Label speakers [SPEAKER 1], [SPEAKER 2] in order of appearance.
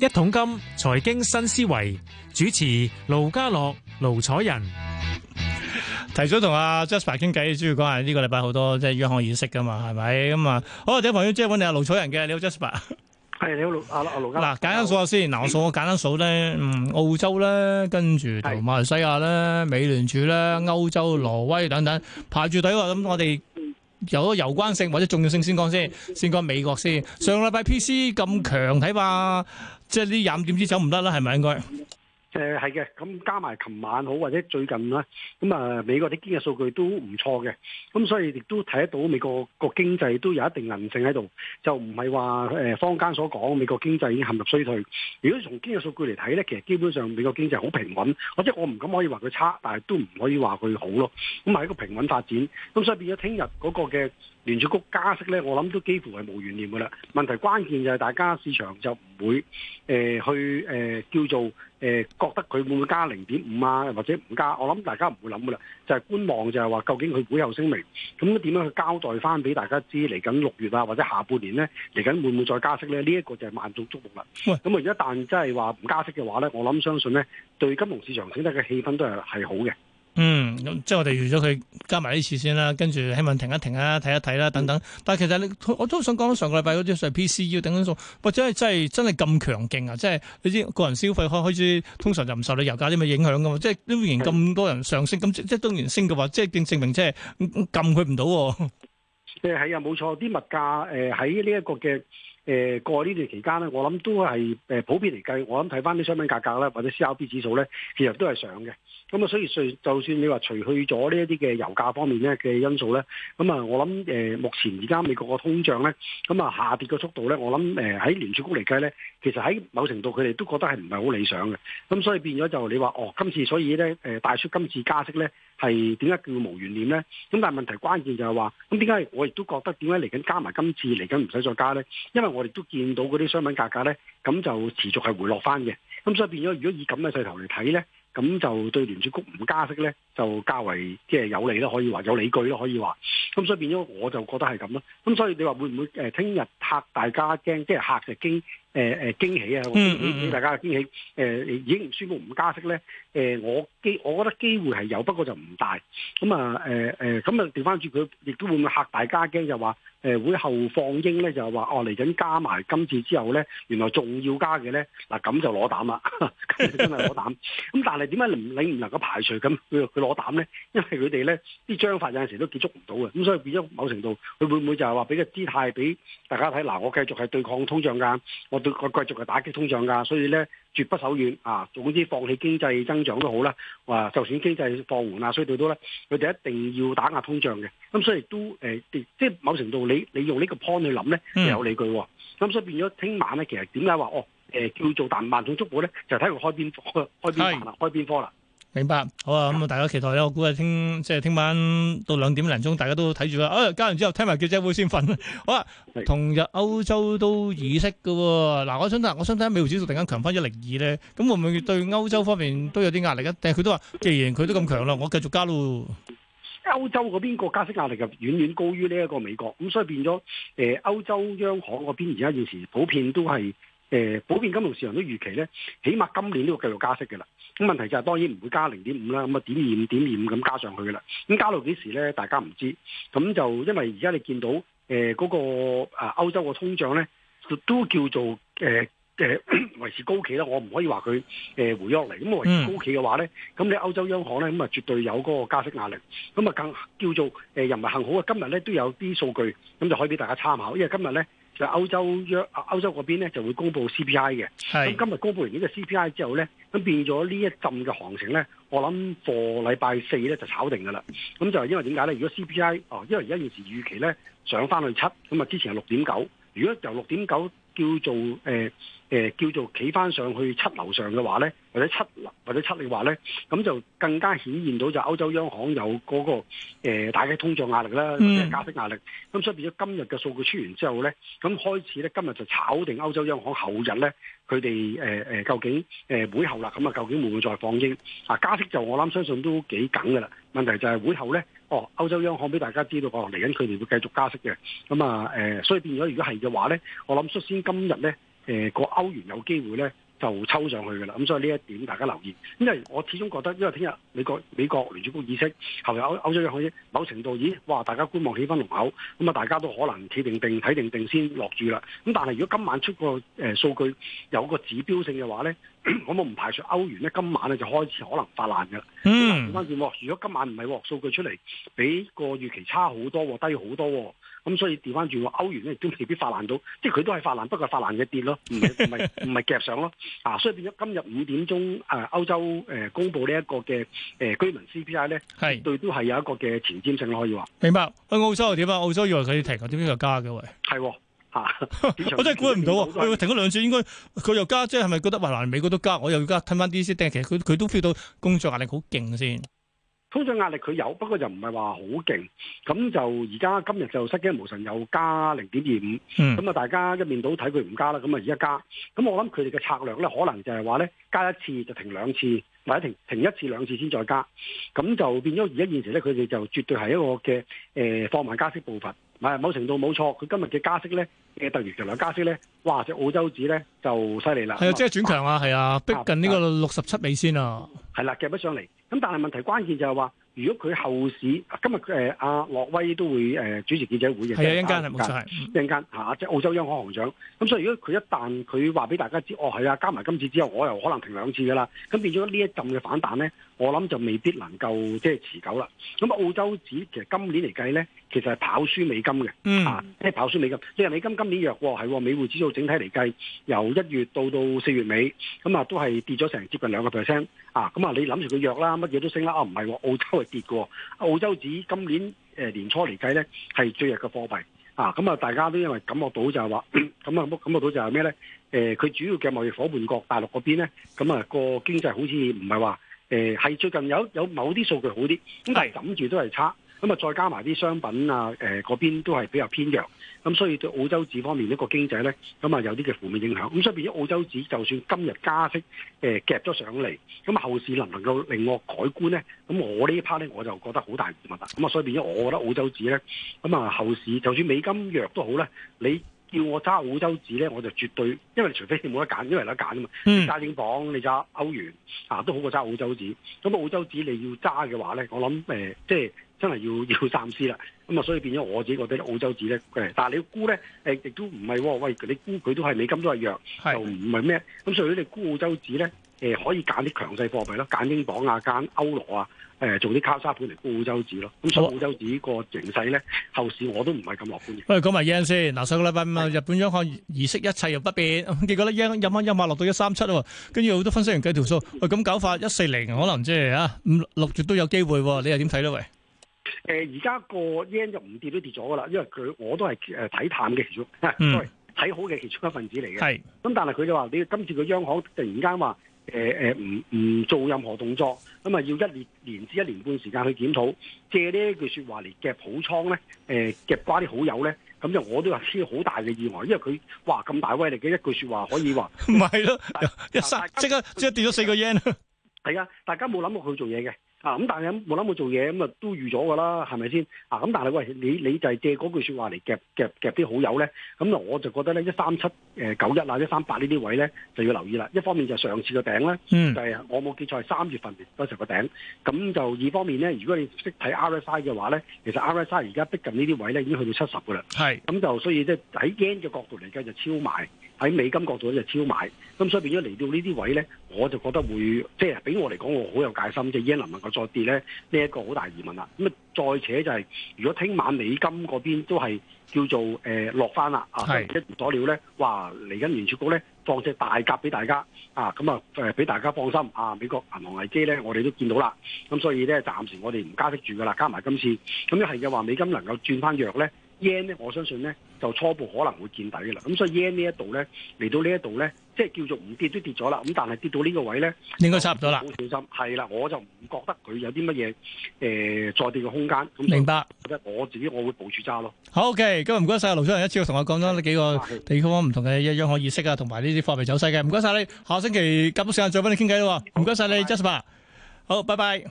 [SPEAKER 1] 一桶金財經新思維主持盧家樂、盧楚仁，提早同阿 Jasper 傾偈，主要講係呢個禮拜好多即係央行議息噶嘛，係咪咁啊？好，有朋友即係揾你阿盧楚仁嘅，你好 Jasper，係你
[SPEAKER 2] 好阿阿盧家樂。嗱、
[SPEAKER 1] 啊，簡單數下先，嗱盧，我數盧我簡單數咧，澳洲咧，跟住同馬來西亞咧、美聯儲咧、歐洲、挪威等等排住隊喎，咁我哋。有咗攸關性或者重要性先講先，先講美國先。上禮拜 PC 咁強，睇怕即係啲飲點知走唔得啦，係咪應該？
[SPEAKER 2] 誒係嘅，咁加埋琴晚好，或者最近呢，咁啊美國啲經濟數據都唔錯嘅，咁所以亦都睇得到美國個經濟都有一定韌性喺度，就唔係話誒坊間所講美國經濟已經陷入衰退。如果從經濟數據嚟睇咧，其實基本上美國經濟好平穩，或者我唔敢可以話佢差，但係都唔可以話佢好咯，咁係一個平穩發展。咁所以變咗聽日嗰個嘅。聯儲局加息咧，我諗都幾乎係無懸念嘅啦。問題關鍵就係大家市場就唔會誒、呃、去誒、呃、叫做誒、呃、覺得佢會唔會加零點五啊，或者唔加，我諗大家唔會諗嘅啦，就係觀望，就係話究竟佢會有聲明咁點樣去交代翻俾大家知道，嚟緊六月啊或者下半年咧嚟緊會唔會再加息咧？呢、這、一個就係萬眾矚目啦。咁啊喂，如果一旦即係話唔加息嘅話咧，我諗相信咧對金融市場整體嘅氣氛都係係好嘅。
[SPEAKER 1] 嗯，咁即係我哋預咗佢加埋呢次先啦，跟住希望停一停啊，睇一睇啦，等等。但係其實你，我都想講上個禮拜嗰啲上 PCE 等數，或者係真係真係咁強勁啊！即係你知個人消費開開始，通常就唔受你油價啲咩影響噶嘛。即係當然咁多人上升，咁即係當然升嘅話，即係定證明即係撳佢唔到。
[SPEAKER 2] 即係啊，冇錯，啲物價喺呢一個嘅。誒、呃、過呢段期間咧，我諗都係誒普遍嚟計，我諗睇返啲商品價格啦，或者 C R B 指數咧，其實都係上嘅。咁啊，所以就算你話除去咗呢一啲嘅油價方面咧嘅因素咧，咁啊，我諗誒、呃、目前而家美國個通脹咧，咁啊下跌嘅速度咧，我諗誒喺聯儲局嚟計咧，其實喺某程度佢哋都覺得係唔係好理想嘅。咁所以變咗就你話，哦今次所以咧誒、呃、大出今次加息咧。係點解叫無懸念呢？咁但係問題關鍵就係話，咁點解我亦都覺得點解嚟緊加埋今次嚟緊唔使再加呢？因為我哋都見到嗰啲商品價格呢，咁就持續係回落翻嘅。咁所以變咗，如果以咁嘅勢頭嚟睇呢，咁就對聯儲局唔加息呢，就較為即係、就是、有利咯，可以話有理據咯，可以話。咁所以變咗，我就覺得係咁咯。咁所以你話會唔會誒聽日嚇大家驚，即係嚇就驚？誒誒驚喜啊！俾大家嘅驚喜，誒已經唔舒服，唔加息咧。誒我機我覺得機會係有，不過就唔大。咁啊誒咁啊調翻轉佢，亦、嗯、都會唔嚇大家驚，就話誒會後放鷹咧，就係話哦嚟緊加埋今次之後咧，原來仲要加嘅咧。嗱咁就攞膽啦，就真係攞膽。咁但係點解你唔能夠排除咁佢佢攞膽咧？因為佢哋咧啲章法有陣時都結束唔到嘅，咁所以變咗某程度，佢會唔會就係話俾個姿態俾大家睇？嗱，我繼續係對抗通脹㗎，我。佢繼續係打擊通脹㗎，所以咧絕不手軟啊！總之放棄經濟增長都好啦，話就算經濟放緩啦，所以到到咧，佢哋一定要打壓通脹嘅。咁所以都誒、呃，即係某程度你你用呢個 point 去諗咧，又有理據喎。咁所以變咗聽晚咧，其實點解話哦誒、呃、叫做但萬眾矚目咧，就睇、是、佢開邊開開邊啦，開邊科啦。
[SPEAKER 1] 明白，好啊！咁、嗯、啊，大家期待啦。我估啊，聽即係聽晚到兩點零鐘，大家都睇住啦。啊、哎，加完之後聽埋記者會先瞓。好啊，是同日歐洲都議息嘅喎、哦。嗱，我想問，我想睇下美匯指數突然間強翻一零二咧，咁會唔會對歐洲方面都有啲壓力啊？但係佢都話，既然佢都咁強啦，我繼續加咯。
[SPEAKER 2] 歐洲嗰邊個加息壓力就遠遠高於呢一個美國，咁所以變咗誒歐洲央行嗰邊而家現時普遍都係。誒普遍金融市場都預期咧，起碼今年都要繼續加息嘅啦。咁問題就係當然唔會加零點五啦，咁啊點二五點二五咁加上去嘅啦。咁加到幾時咧？大家唔知。咁就因為而家你見到誒嗰、呃嗰個啊歐洲嘅通脹咧，都叫做誒誒維持高企啦。我唔可以話佢誒回落嚟。咁維持高企嘅話咧，咁你歐洲央行咧咁啊絕對有嗰個加息壓力。咁啊更叫做誒、呃、又唔係幸好啊！今日咧都有啲數據，咁就可以俾大家參考。因為今日咧。就歐洲約啊，歐洲嗰邊咧就會公布 CPI 嘅。咁是今日公布完呢個 CPI 之後咧，咁變咗呢一陣嘅行情咧，我諗過禮拜四咧就炒定㗎啦。咁就係因為點解咧？如果 CPI 哦，因為而家現時預期咧上翻去七，咁啊之前係六點九，如果由六點九，叫做誒、呃、叫做企翻上去七樓上嘅話咧，或者七或者七釐話咧，咁就更加顯現到就歐洲央行有嗰、嗰個大嘅、呃、通脹壓力啦，或者加息壓力。咁所以變咗今日嘅數據出完之後咧，咁開始咧今日就炒定歐洲央行後日咧佢哋誒究竟誒、呃、會後啦，咁啊究竟會唔會再放鷹啊加息就我諗相信都幾緊噶啦，問題就係會後咧。哦，歐洲央行俾大家知道，我嚟緊佢哋會繼續加息嘅，咁啊，誒、呃，所以變咗如果係嘅話咧，我諗率先今日咧，誒、呃、個歐元有機會咧。就抽上去嘅啦，咁所以呢一點大家留意，因為我始終覺得，因為聽日美國美國聯儲局議息，後日歐歐，歐洲央行某程度，咦，哇，大家觀望氣氛濃厚，咁啊，大家都可能企定定睇定定先落注啦。咁但係如果今晚出個誒數據有個指標性嘅話呢，咁我唔排除歐元呢今晚呢就開始可能發難嘅。嗯。如果今晚唔係喎數據出嚟比個預期差好多，低好多。咁、嗯、所以調翻轉喎，歐元咧都未必發難到，即係佢都係發難，不過發難嘅跌咯，唔係唔係唔係夾上咯，啊！所以變咗今日五點鐘誒、呃、歐洲誒、呃、公佈呢一個嘅誒、呃、居民 CPI 咧，是都對都係有一個嘅前瞻性咯，可以話。
[SPEAKER 1] 明白。去澳洲又點啊？澳洲以為佢停，點解又加嘅喎？係喎、哦，啊、 我真係估唔到喎，佢停咗兩次，應該佢又加，即係咪覺得華南美國都加？我又加吞翻啲先。但其實佢佢都 feel 到工作壓力好勁先。
[SPEAKER 2] 通脹壓力佢有，不過就唔係話好勁。咁就而家今日就失驚無神，又加零點二五。咁啊，大家一面倒睇佢唔加啦。咁啊，而家加。咁我諗佢哋嘅策略咧，可能就係話咧，加一次就停兩次，或者停停一次兩次先再加。咁就變咗而家現時咧，佢哋就絕對係一個嘅誒、呃、放慢加息步伐。係某程度冇錯，佢今日嘅加息咧嘅、呃、突然就嚟加息咧，哇！隻澳洲紙咧就犀利啦。係啊，即係
[SPEAKER 1] 轉強啊，係啊，逼近呢個六十七美先啊。
[SPEAKER 2] 係啦、啊，夾不上嚟。啊啊咁但係問題關鍵就係話，如果佢後市，今日誒阿樂威都會誒、呃、主持記者會嘅，係陣間係冇錯係陣間嚇，即係澳洲央行行長。咁、嗯、所以如果佢一旦佢話俾大家知，哦係啊，加埋今次之後，我又可能停兩次噶啦，咁變咗呢一陣嘅反彈咧。我諗就未必能夠即係持久啦。咁啊，澳洲紙其實今年嚟計咧，其實係跑輸美金嘅，mm. 啊，即係跑輸美金。即係美金今年弱喎、哦，係喎、哦，美匯指數整體嚟計，由一月到到四月尾，咁、嗯、啊都係跌咗成接近兩個 percent，啊，咁、嗯、啊你諗住佢弱啦，乜嘢都升啦，啊唔係、哦，澳洲係跌嘅、哦，澳洲紙今年誒、呃、年初嚟計咧係最弱嘅貨幣，啊，咁、嗯、啊大家都因為感覺到就係話，咁啊感覺到就係咩咧？誒、呃，佢主要嘅貿易伙伴國大陸嗰邊咧，咁、嗯、啊個經濟好似唔係話。誒，係最近有有某啲數據好啲，咁但係諗住都係差，咁啊再加埋啲商品啊，誒、呃、嗰邊都係比較偏弱，咁所以對澳洲紙方面一個經濟咧，咁啊有啲嘅負面影響。咁所以變咗澳洲紙就算今日加息，誒、呃、夾咗上嚟，咁後後市能唔能夠令我改觀咧？咁我一呢一 part 咧我就覺得好大疑問啦。咁啊所以變咗我覺得澳洲紙咧，咁啊後市就算美金弱都好咧，你。叫我揸澳洲紙咧，我就絕對，因為除非你冇得揀，因為有得揀啊嘛。你揸英鎊，你揸歐元啊，都好過揸澳洲紙。咁澳洲紙你要揸嘅話咧，我諗誒、呃，即係真係要要三思啦。咁啊，所以變咗我自己覺得澳洲紙咧誒，但係你沽咧誒，亦、呃、都唔係喎，喂，你沽佢都係美金都係弱，就唔係咩？咁所以你沽澳洲紙咧。誒、呃，可以揀啲強勢貨幣咯，揀英鎊啊，揀歐羅啊，誒、呃、做啲卡沙盤嚟沽澳洲紙咯。咁、嗯、所以澳洲紙個形勢咧，後市我都唔係咁樂觀，哦。
[SPEAKER 1] 喂，講埋 yen 先。嗱，上個禮拜嘛，日本央行議息一切又不變，結果咧 yen 一蚊一萬落到一三七喎。跟住好多分析員計條數，喂、哎，咁搞法一四零可能即係啊，五六月都有機會喎。你又點睇咧？喂、
[SPEAKER 2] 呃。誒，而家個 yen 就唔跌都跌咗噶啦，因為佢我都係誒睇淡嘅其中，睇、啊、好嘅其中一份子嚟嘅。係、嗯。咁但係佢就話，你今次個央行突然間話。誒誒，唔唔、呃呃、做任何動作，咁啊要一年、年至一年半時間去檢討，借呢句説話嚟夾普倉咧，誒、呃、夾瓜啲好友咧，咁就我都話超好大嘅意外，因為佢哇咁大威力嘅一句説話可以話唔係咯，即刻即刻跌咗四個 yen，係啊，大家冇諗過佢做嘢嘅。咁、嗯、但係冇諗冇做嘢，咁啊，都預咗㗎啦，係咪先啊？咁但係喂，你你就係借嗰句説話嚟夾夾夾啲好友咧，咁我就覺得咧，一三七誒、九一，啊，一三八呢啲位咧，就要留意啦。一方面就上次個頂咧，就係、是、我冇記錯係三月份嗰時候個頂。咁就二方面咧，如果你識睇 RSI 嘅話咧，其實 RSI 而家逼近呢啲位咧已經去到七十㗎啦。係咁是就所以即係喺 Yen 嘅角度嚟計就超賣，喺美金角度咧就超買。咁所以變咗嚟到呢啲位咧，我就覺得會即係俾我嚟講，我好有戒心，即、就、係、是、Yen 能夠。再跌咧，呢、這、一個好大疑問啦。咁啊，再且就係、是、如果聽晚美金嗰邊都係叫做誒落翻啦啊，出乎意料料咧，哇！嚟緊聯儲局咧放隻大鴿俾大家啊，咁啊誒俾、啊、大家放心啊。美國銀行危機咧，我哋都見到啦。咁、啊、所以咧，暫時我哋唔加息住噶啦，加埋今次咁，係嘅話，美金能夠轉翻弱咧？yen 咧，我相信咧就初步可能會見底嘅啦。咁所以 yen 呢一度咧嚟到呢一度咧，即係叫做唔跌都跌咗啦。咁但係跌到呢個位咧，應該差唔多啦。好小心，係啦，我就唔覺得佢有啲乜嘢誒再跌嘅空間。明白。覺得我自己，我會部署揸咯。
[SPEAKER 1] 好，OK，今日唔該曬，盧先生一次同我講咗幾個地方唔同嘅央行議息啊，同埋呢啲貨幣走勢嘅。唔該曬你，下星期急都時間再揾你傾偈咯。唔該曬你，Jasper，好，拜拜。